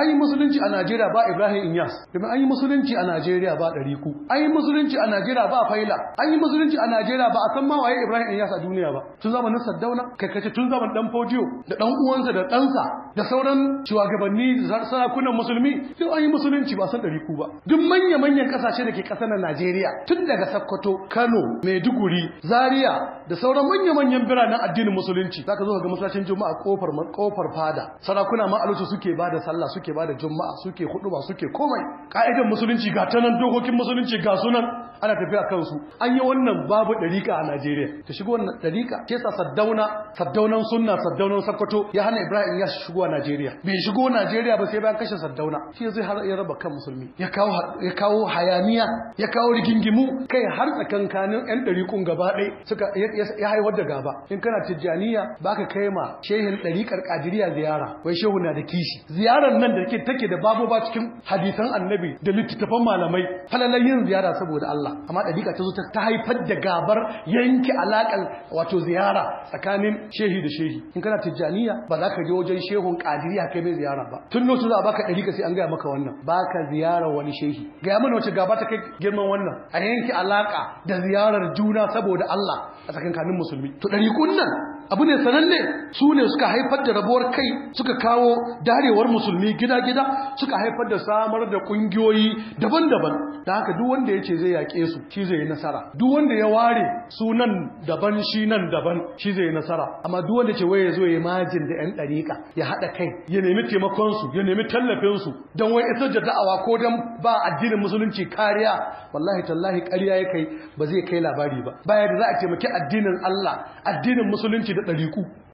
an yi musulunci a Najeriya ba Ibrahim Inyas domin an yi musulunci a Najeriya ba ɗariku an yi musulunci a Najeriya ba faila an yi musulunci a Najeriya ba a san ma waye Ibrahim Inyas a duniya ba tun zamanin Saddauna kai kace tun zamanin dan Fodiyo da dan uwansa da ɗansa da sauran shugabanni sarakunan musulmi duk an yi musulunci ba san ɗariku ba duk manya-manyan ƙasashe da ke ƙasar Najeriya tun daga Sokoto Kano Maiduguri Zaria da sauran manya-manyan biranen addinin musulunci zaka zo ka ga masallacin juma'a kofar kofar fada sarakuna ma suke ba da sallah suke ba da juma'a suke ba suke komai ka'idan musulunci ga tanan dokokin musulunci ga sunan ana tafiya kansu an yi wannan babu dariƙa a Najeriya ta shigo wannan dariƙa ke sa saddauna saddaunan sunna saddaunan sakkwato ya hana Ibrahim ya shigo Najeriya bai shigo Najeriya ba sai bayan kashe saddauna shi zai har ya raba kan musulmi ya kawo ya kawo hayaniya ya kawo rigingimu kai har tsakankanin yan dariƙun gaba ɗaya suka ya haihuwar da gaba in kana tijjaniya baka kai ma shehin dariƙar kadiriya ziyara wai shehu na da kishi ziyarar nan da da take da babu ba cikin hadisan annabi da littattafan malamai falalar yin ziyara saboda Allah amma ɗabi'a ta zo ta haifar da gabar yanke alaƙar wato ziyara tsakanin shehi da shehi in kana tijjaniya ba za ka je wajen shehun qadiriya kai mai ziyara ba tun lokacin za a baka ka sai an gaya maka wannan baka ziyara wani shehi gaya mana wace gaba ta kai girman wannan a yanke alaka da ziyarar juna saboda Allah a tsakankanin musulmi to ɗari kunnan. abu ne sananne su ne suka haifar da rabuwar kai suka kawo darewar musulmi gida-gida suka haifar da samar da ƙungiyoyi daban-daban da haka duk wanda ya ce zai yaƙe su shi zai yi nasara duk wanda ya ware sunan daban shi nan daban shi zai yi nasara amma duk wanda ce waye zo ya majin da 'yan ɗariƙa ya haɗa kai ya nemi taimakonsu ya nemi tallafinsu don wai isar da da'awa ko don ba addinin musulunci kariya wallahi tallahi ƙarya ya kai ba zai kai labari ba baya da za a taimaki addinin Allah addinin musulunci da ku